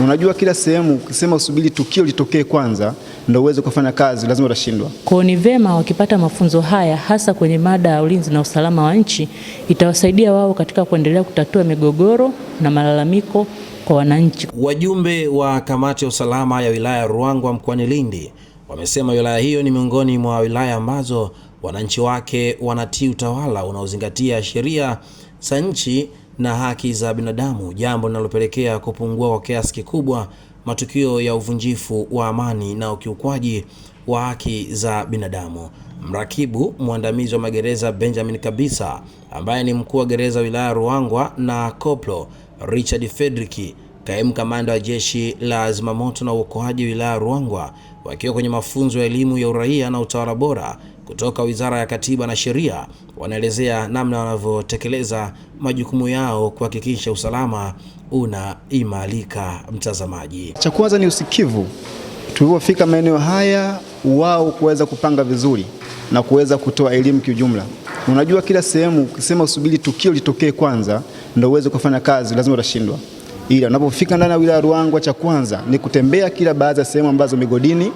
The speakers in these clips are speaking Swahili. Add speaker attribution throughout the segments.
Speaker 1: Unajua, kila sehemu ukisema usubiri tukio litokee kwanza ndio uweze kufanya kazi, lazima utashindwa.
Speaker 2: Kwa ni vema wakipata mafunzo haya, hasa kwenye mada ya ulinzi na usalama wa nchi, itawasaidia wao katika kuendelea kutatua migogoro na malalamiko kwa wananchi.
Speaker 3: Wajumbe wa kamati ya usalama ya wilaya ya Ruangwa mkoani Lindi wamesema wilaya hiyo ni miongoni mwa wilaya ambazo wananchi wake wanatii utawala unaozingatia sheria za nchi na haki za binadamu, jambo linalopelekea kupungua kwa kiasi kikubwa matukio ya uvunjifu wa amani na ukiukwaji wa haki za binadamu. Mrakibu mwandamizi wa magereza Benjamin Kabisa, ambaye ni mkuu wa gereza wilaya Ruangwa, na koplo Richard Fedriki Kaimu kamanda wa jeshi la zimamoto na uokoaji wilaya Ruangwa wakiwa kwenye mafunzo ya elimu ya uraia na utawala bora kutoka Wizara ya Katiba na Sheria wanaelezea namna wanavyotekeleza majukumu yao kuhakikisha usalama unaimarika. Mtazamaji,
Speaker 1: cha kwanza ni usikivu. Tulipofika maeneo haya, wao kuweza kupanga vizuri na kuweza kutoa elimu kiujumla. Unajua, kila sehemu ukisema usubiri tukio litokee kwanza ndio uweze kufanya kazi, lazima utashindwa ila unapofika ndani ya wilaya Ruangwa, cha kwanza ni kutembea kila baadhi ya sehemu ambazo migodini,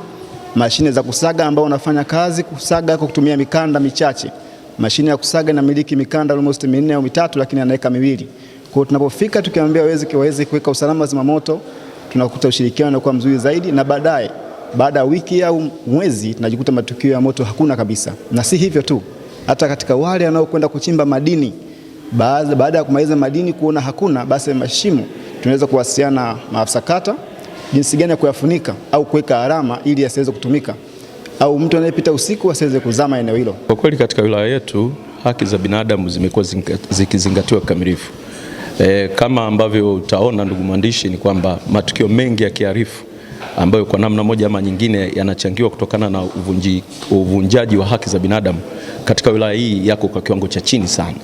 Speaker 1: mashine za kusaga ambao wanafanya kazi kusaga kwa kutumia mikanda michache. Mashine ya kusaga inamiliki mikanda almost minne au mitatu, lakini anaweka miwili. Kwa tunapofika tukiambia waweze kiweze kuweka usalama zimamoto, tunakuta ushirikiano unakuwa mzuri zaidi, na baadaye baada ya wiki au mwezi tunajikuta matukio ya moto hakuna kabisa. Na si hivyo tu, hata katika wale wanaokwenda kuchimba madini, baada ya kumaliza madini kuona hakuna, basi mashimo tunaweza kuwasiliana na maafisa kata jinsi gani ya kuyafunika au kuweka alama ili yasiweze kutumika au mtu anayepita usiku asiweze kuzama eneo hilo.
Speaker 4: Kwa kweli katika wilaya yetu haki za binadamu zimekuwa zikizingatiwa kikamilifu. E, kama ambavyo utaona ndugu mwandishi, ni kwamba matukio mengi ya kiarifu ambayo kwa namna moja ama nyingine yanachangiwa kutokana na uvunji, uvunjaji wa haki za binadamu katika wilaya hii yako kwa kiwango cha chini sana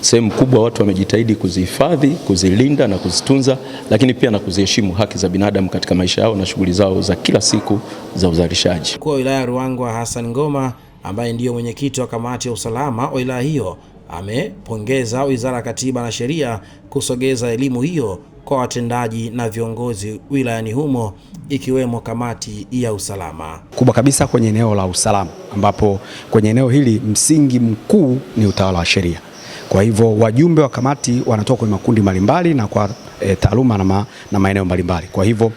Speaker 4: sehemu kubwa watu wamejitahidi kuzihifadhi, kuzilinda na kuzitunza, lakini pia na kuziheshimu haki za binadamu katika maisha yao na shughuli zao za kila siku za uzalishaji. Mkuu
Speaker 3: wa wilaya ya Ruangwa Hassan Ngoma ambaye ndiyo mwenyekiti wa kamati ya usalama wa wilaya hiyo amepongeza Wizara ya Katiba na Sheria kusogeza elimu hiyo kwa watendaji na viongozi wilayani humo ikiwemo kamati ya usalama
Speaker 5: kubwa kabisa kwenye eneo la usalama, ambapo kwenye eneo hili msingi mkuu ni utawala wa sheria. Kwa hivyo wajumbe wa kamati wanatoka kwenye makundi mbalimbali na kwa e, taaluma na, ma, na maeneo mbalimbali. Kwa hivyo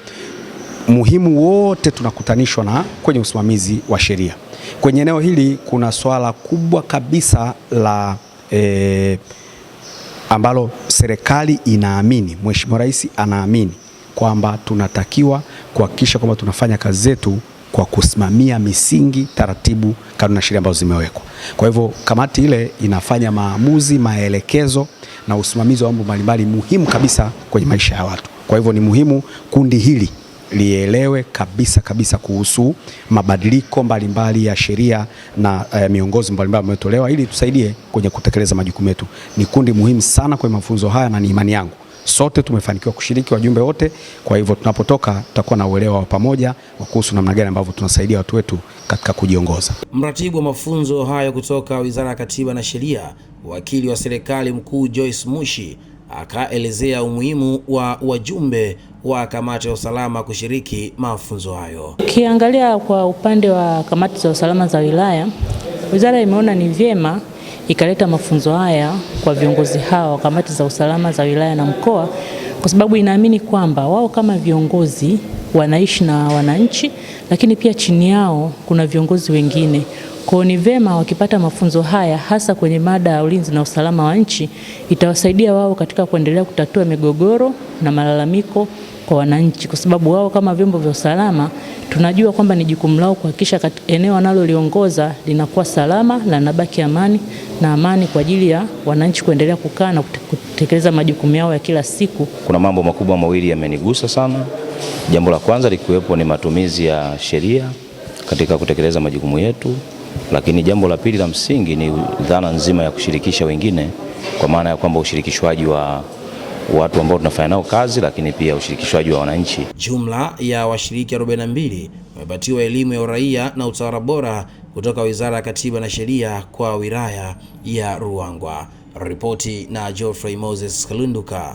Speaker 5: muhimu wote tunakutanishwa na kwenye usimamizi wa sheria. Kwenye eneo hili kuna swala kubwa kabisa la e, ambalo serikali inaamini, Mheshimiwa Rais anaamini kwamba tunatakiwa kuhakikisha kwamba tunafanya kazi zetu kwa kusimamia misingi, taratibu, kanuni na sheria ambazo zimewekwa. Kwa hivyo kamati ile inafanya maamuzi, maelekezo na usimamizi wa mambo mbalimbali muhimu kabisa kwenye maisha ya watu. Kwa hivyo ni muhimu kundi hili lielewe kabisa kabisa kuhusu mabadiliko mbalimbali ya sheria na e, miongozo mbalimbali ambayo imetolewa ili tusaidie kwenye kutekeleza majukumu yetu. Ni kundi muhimu sana kwenye mafunzo haya na ni imani yangu sote tumefanikiwa kushiriki wajumbe wote. Kwa hivyo tunapotoka tutakuwa na uelewa wa pamoja wa kuhusu namna gani ambavyo tunasaidia watu wetu katika kujiongoza.
Speaker 3: Mratibu wa mafunzo hayo kutoka Wizara ya Katiba na Sheria, wakili wa serikali mkuu Joyce Mushi akaelezea umuhimu wa wajumbe wa kamati ya usalama kushiriki mafunzo hayo.
Speaker 2: Ukiangalia kwa upande wa kamati za usalama za wilaya, wizara imeona ni vyema ikaleta mafunzo haya kwa viongozi hawa kamati za usalama za wilaya na mkoa, kwa sababu inaamini kwamba wao kama viongozi wanaishi na wananchi, lakini pia chini yao kuna viongozi wengine. Kwa ni vema wakipata mafunzo haya hasa kwenye mada ya ulinzi na usalama wa nchi, itawasaidia wao katika kuendelea kutatua migogoro na malalamiko kwa wananchi, kwa sababu wao kama vyombo vya usalama tunajua kwamba ni jukumu lao kuhakikisha eneo analoliongoza linakuwa salama na linabaki amani na amani kwa ajili ya wananchi kuendelea kukaa na kutekeleza majukumu yao ya kila siku.
Speaker 6: Kuna mambo makubwa mawili yamenigusa sana. Jambo la kwanza likiwepo ni matumizi ya sheria katika kutekeleza majukumu yetu, lakini jambo la pili la msingi ni dhana nzima ya kushirikisha wengine, kwa maana ya kwamba ushirikishwaji wa watu ambao tunafanya nao kazi, lakini pia ushirikishwaji wa wananchi.
Speaker 3: Jumla ya washiriki 42 wamepatiwa elimu ya uraia na utawala bora kutoka Wizara ya Katiba na Sheria kwa wilaya ya Ruangwa. Ripoti na Geoffrey Moses Kalunduka.